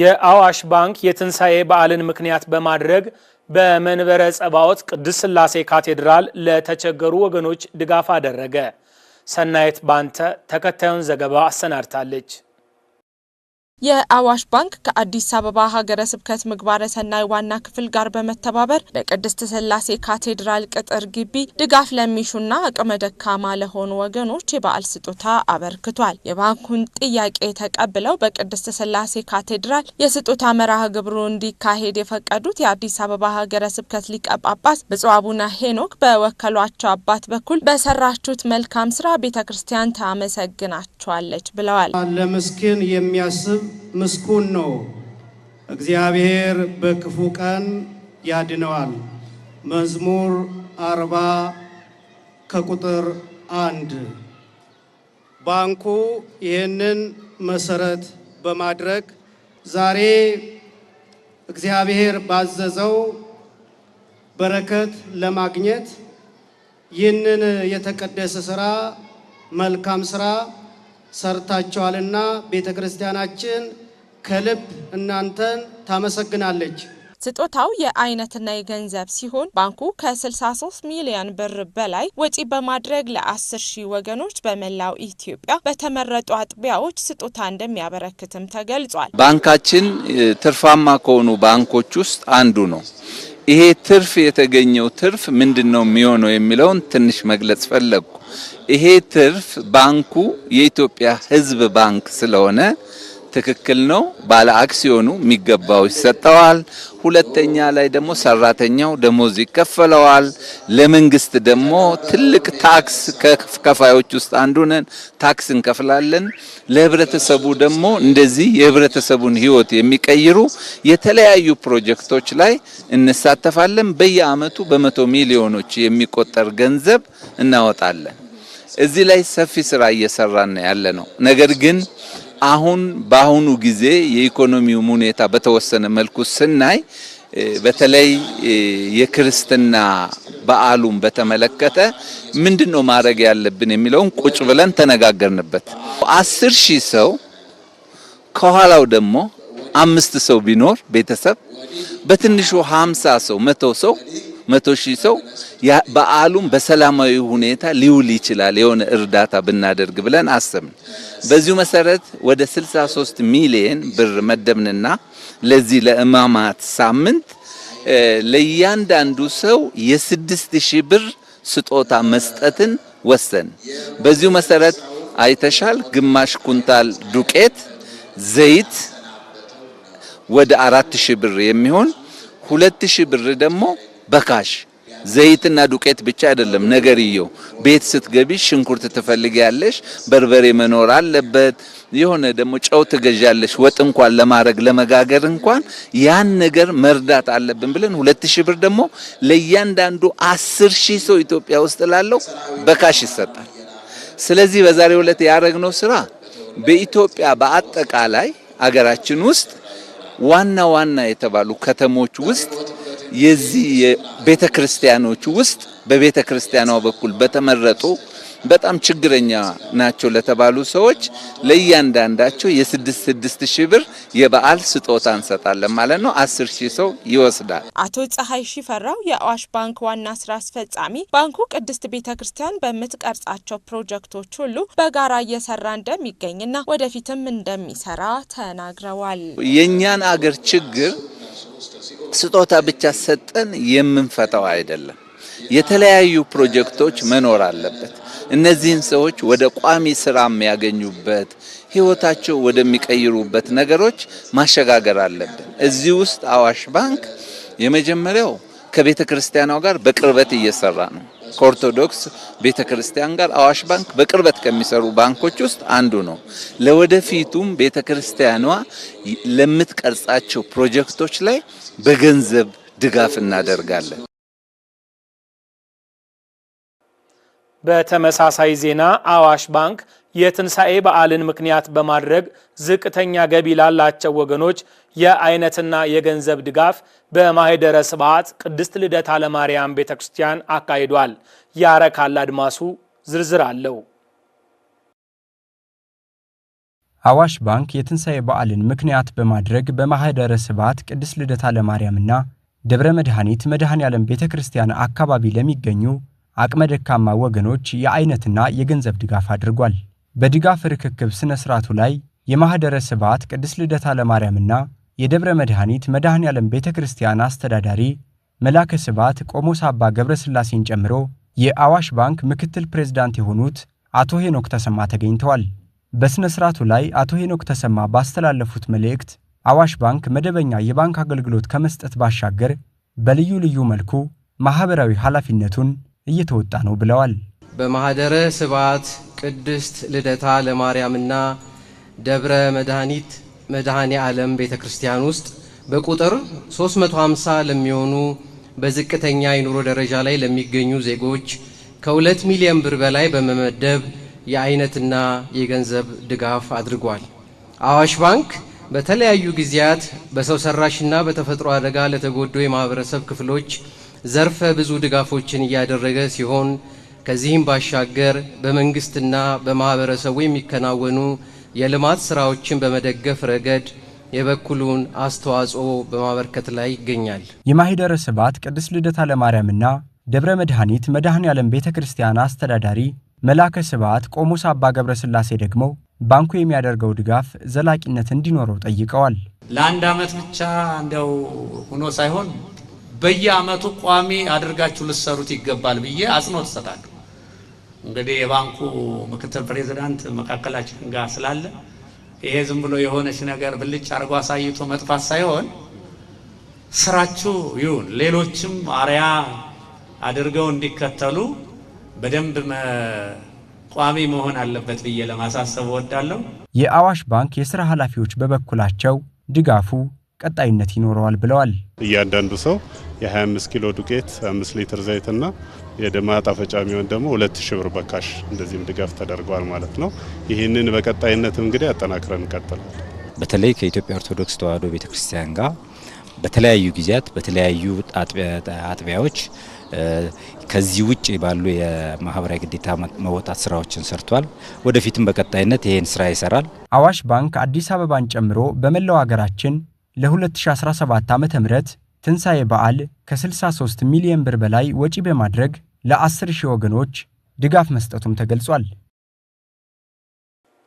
የአዋሽ ባንክ የትንሣኤ በዓልን ምክንያት በማድረግ በመንበረ ጸባዖት ቅድስት ሥላሴ ካቴድራል ለተቸገሩ ወገኖች ድጋፍ አደረገ። ሰናይት ባንተ ተከታዩን ዘገባ አሰናድታለች። የአዋሽ ባንክ ከአዲስ አበባ ሀገረ ስብከት ምግባረ ሰናይ ዋና ክፍል ጋር በመተባበር በቅድስት ስላሴ ካቴድራል ቅጥር ግቢ ድጋፍ ለሚሹና አቅመ ደካማ ለሆኑ ወገኖች የበዓል ስጦታ አበርክቷል። የባንኩን ጥያቄ ተቀብለው በቅድስት ስላሴ ካቴድራል የስጦታ መርሃ ግብሩ እንዲካሄድ የፈቀዱት የአዲስ አበባ ሀገረ ስብከት ሊቀ ጳጳስ ብፁዕ አቡነ ሄኖክ በወከሏቸው አባት በኩል በሰራችሁት መልካም ስራ ቤተ ክርስቲያን ታመሰግናችኋለች ብለዋል። ለምስኪን የሚያስብ ምስኩን ነው። እግዚአብሔር በክፉ ቀን ያድነዋል። መዝሙር አርባ ከቁጥር አንድ ባንኩ ይህንን መሰረት በማድረግ ዛሬ እግዚአብሔር ባዘዘው በረከት ለማግኘት ይህንን የተቀደሰ ስራ መልካም ስራ ሰርታቸዋልና ቤተ ክርስቲያናችን ከልብ እናንተን ታመሰግናለች። ስጦታው የአይነትና የገንዘብ ሲሆን ባንኩ ከ63 ሚሊዮን ብር በላይ ወጪ በማድረግ ለ10 ሺህ ወገኖች በመላው ኢትዮጵያ በተመረጡ አጥቢያዎች ስጦታ እንደሚያበረክትም ተገልጿል። ባንካችን ትርፋማ ከሆኑ ባንኮች ውስጥ አንዱ ነው። ይሄ ትርፍ የተገኘው ትርፍ ምንድን ነው የሚሆነው የሚለውን ትንሽ መግለጽ ፈለግኩ። ይሄ ትርፍ ባንኩ የኢትዮጵያ ሕዝብ ባንክ ስለሆነ ትክክል ነው። ባለ አክሲዮኑ የሚገባው ይሰጠዋል። ሁለተኛ ላይ ደግሞ ሰራተኛው ደሞዝ ይከፈለዋል። ለመንግስት ደግሞ ትልቅ ታክስ ከፋዮች ውስጥ አንዱ ነን፣ ታክስ እንከፍላለን። ለህብረተሰቡ ደግሞ እንደዚህ የህብረተሰቡን ህይወት የሚቀይሩ የተለያዩ ፕሮጀክቶች ላይ እንሳተፋለን። በየአመቱ በመቶ ሚሊዮኖች የሚቆጠር ገንዘብ እናወጣለን። እዚህ ላይ ሰፊ ስራ እየሰራን ያለ ነው። ነገር ግን አሁን በአሁኑ ጊዜ የኢኮኖሚውም ሁኔታ በተወሰነ መልኩ ስናይ በተለይ የክርስትና በዓሉን በተመለከተ ምንድን ነው ማድረግ ያለብን የሚለውን ቁጭ ብለን ተነጋገርንበት። አስር ሺህ ሰው ከኋላው ደግሞ አምስት ሰው ቢኖር ቤተሰብ በትንሹ ሀምሳ ሰው መቶ ሰው መቶ ሺህ ሰው በዓሉም በሰላማዊ ሁኔታ ሊውል ይችላል የሆነ እርዳታ ብናደርግ ብለን አሰብን። በዚሁ መሰረት ወደ 63 ሚሊየን ብር መደብንና ለዚህ ለእማማት ሳምንት ለእያንዳንዱ ሰው የስድስት ሺህ ብር ስጦታ መስጠትን ወሰን። በዚሁ መሰረት አይተሻል ግማሽ ኩንታል ዱቄት፣ ዘይት ወደ አራት ሺህ ብር የሚሆን ሁለት ሺህ ብር ደግሞ በካሽ ዘይትና ዱቄት ብቻ አይደለም ነገርየው። ቤት ስትገቢ ሽንኩርት ትፈልጊያለሽ፣ በርበሬ መኖር አለበት። የሆነ ደግሞ ጨው ትገዣለሽ፣ ወጥ እንኳን ለማድረግ ለመጋገር እንኳን ያን ነገር መርዳት አለብን ብለን ሁለት ሺህ ብር ደግሞ ለእያንዳንዱ አስር ሺህ ሰው ኢትዮጵያ ውስጥ ላለው በካሽ ይሰጣል። ስለዚህ በዛሬው ዕለት ያደረግነው ስራ በኢትዮጵያ በአጠቃላይ አገራችን ውስጥ ዋና ዋና የተባሉ ከተሞች ውስጥ የዚህ የቤተ ክርስቲያኖች ውስጥ በቤተ ክርስቲያኗ በኩል በተመረጡ በጣም ችግረኛ ናቸው ለተባሉ ሰዎች ለእያንዳንዳቸው የስድስት ስድስት ሺህ ብር የበዓል ስጦታ እንሰጣለን ማለት ነው። አስር ሺህ ሰው ይወስዳል። አቶ ፀሐይ ሺፈራው የአዋሽ ባንክ ዋና ስራ አስፈጻሚ፣ ባንኩ ቅድስት ቤተ ክርስቲያን በምትቀርጻቸው ፕሮጀክቶች ሁሉ በጋራ እየሰራ እንደሚገኝና ወደፊትም እንደሚሰራ ተናግረዋል። የእኛን አገር ችግር ስጦታ ብቻ ሰጠን የምንፈታው አይደለም። የተለያዩ ፕሮጀክቶች መኖር አለበት። እነዚህን ሰዎች ወደ ቋሚ ስራ የሚያገኙበት ህይወታቸው ወደሚቀይሩበት ነገሮች ማሸጋገር አለብን። እዚህ ውስጥ አዋሽ ባንክ የመጀመሪያው ከቤተ ክርስቲያኗ ጋር በቅርበት እየሰራ ነው። ከኦርቶዶክስ ቤተ ክርስቲያን ጋር አዋሽ ባንክ በቅርበት ከሚሰሩ ባንኮች ውስጥ አንዱ ነው። ለወደፊቱም ቤተ ክርስቲያኗ ለምትቀርጻቸው ፕሮጀክቶች ላይ በገንዘብ ድጋፍ እናደርጋለን። በተመሳሳይ ዜና አዋሽ ባንክ የትንሣኤ በዓልን ምክንያት በማድረግ ዝቅተኛ ገቢ ላላቸው ወገኖች የአይነትና የገንዘብ ድጋፍ በማኅደረ ስብዓት ቅድስት ልደታ ለማርያም ቤተ ክርስቲያን አካሂዷል። ያረካል አድማሱ ዝርዝር አለው። አዋሽ ባንክ የትንሣኤ በዓልን ምክንያት በማድረግ በማኅደረ ስብዓት ቅድስት ልደታ ለማርያምና ደብረ መድኃኒት መድኃኔ ዓለም ቤተ ክርስቲያን አካባቢ ለሚገኙ አቅመ ደካማ ወገኖች የአይነትና የገንዘብ ድጋፍ አድርጓል። በድጋፍ ርክክብ ሥነ ሥርዓቱ ላይ የማኅደረ ስብዓት ቅድስት ልደታ ለማርያምና የደብረ መድኃኒት መድኃኔ ዓለም ቤተ ክርስቲያን አስተዳዳሪ መላከ ስብዓት ቆሞስ አባ ገብረ ሥላሴን ጨምሮ የአዋሽ ባንክ ምክትል ፕሬዝዳንት የሆኑት አቶ ሄኖክ ተሰማ ተገኝተዋል። በሥነ ሥርዓቱ ላይ አቶ ሄኖክ ተሰማ ባስተላለፉት መልእክት አዋሽ ባንክ መደበኛ የባንክ አገልግሎት ከመስጠት ባሻገር በልዩ ልዩ መልኩ ማኅበራዊ ኃላፊነቱን እየተወጣ ነው ብለዋል። በማህደረ ስባት ቅድስት ልደታ ለማርያምና ደብረ መድኃኒት መድኃኔ ዓለም ቤተ ክርስቲያን ውስጥ በቁጥር 350 ለሚሆኑ በዝቅተኛ የኑሮ ደረጃ ላይ ለሚገኙ ዜጎች ከሁለት ሚሊዮን ብር በላይ በመመደብ የአይነትና የገንዘብ ድጋፍ አድርጓል። አዋሽ ባንክ በተለያዩ ጊዜያት በሰው ሰራሽና በተፈጥሮ አደጋ ለተጎዱ የማህበረሰብ ክፍሎች ዘርፈ ብዙ ድጋፎችን እያደረገ ሲሆን ከዚህም ባሻገር በመንግስትና በማህበረሰቡ የሚከናወኑ የልማት ስራዎችን በመደገፍ ረገድ የበኩሉን አስተዋጽኦ በማበርከት ላይ ይገኛል። የማኅደረ ስብሐት ቅድስት ልደታ ለማርያምና ደብረ መድኃኒት መድኃኔ ዓለም ቤተ ክርስቲያን አስተዳዳሪ መላከ ስብሐት ቆሞስ አባ ገብረ ስላሴ ደግሞ ባንኩ የሚያደርገው ድጋፍ ዘላቂነት እንዲኖረው ጠይቀዋል። ለአንድ ዓመት ብቻ እንዲያው ሆኖ ሳይሆን በየአመቱ ቋሚ አድርጋችሁ ልሰሩት ይገባል ብዬ አጽንኦት እሰጣለሁ። እንግዲህ የባንኩ ምክትል ፕሬዚዳንት መካከላችን ጋር ስላለ ይሄ ዝም ብሎ የሆነች ነገር ብልጭ አድርጎ አሳይቶ መጥፋት ሳይሆን ስራችሁ ይሁን፣ ሌሎችም አርያ አድርገው እንዲከተሉ በደንብ ቋሚ መሆን አለበት ብዬ ለማሳሰብ እወዳለሁ። የአዋሽ ባንክ የስራ ኃላፊዎች በበኩላቸው ድጋፉ ቀጣይነት ይኖረዋል ብለዋል። እያንዳንዱ ሰው የ25 ኪሎ ዱቄት 5 ሊትር ዘይትና የደማ ጣፈጫ የሚሆን ደግሞ ሁለት ብር በካሽ እንደዚህም ድጋፍ ተደርጓል ማለት ነው። ይህንን በቀጣይነት እንግዲህ አጠናክረን እንቀጥላለን። በተለይ ከኢትዮጵያ ኦርቶዶክስ ተዋሕዶ ቤተክርስቲያን ጋር በተለያዩ ጊዜያት በተለያዩ አጥቢያዎች ከዚህ ውጭ ባሉ የማህበራዊ ግዴታ መወጣት ስራዎችን ሰርቷል። ወደፊትም በቀጣይነት ይህን ስራ ይሰራል። አዋሽ ባንክ አዲስ አበባን ጨምሮ በመላው ሀገራችን ለ2017 ዓ ም ትንሣኤ በዓል ከ63 ሚሊዮን ብር በላይ ወጪ በማድረግ ለ10 ሺህ ወገኖች ድጋፍ መስጠቱም ተገልጿል።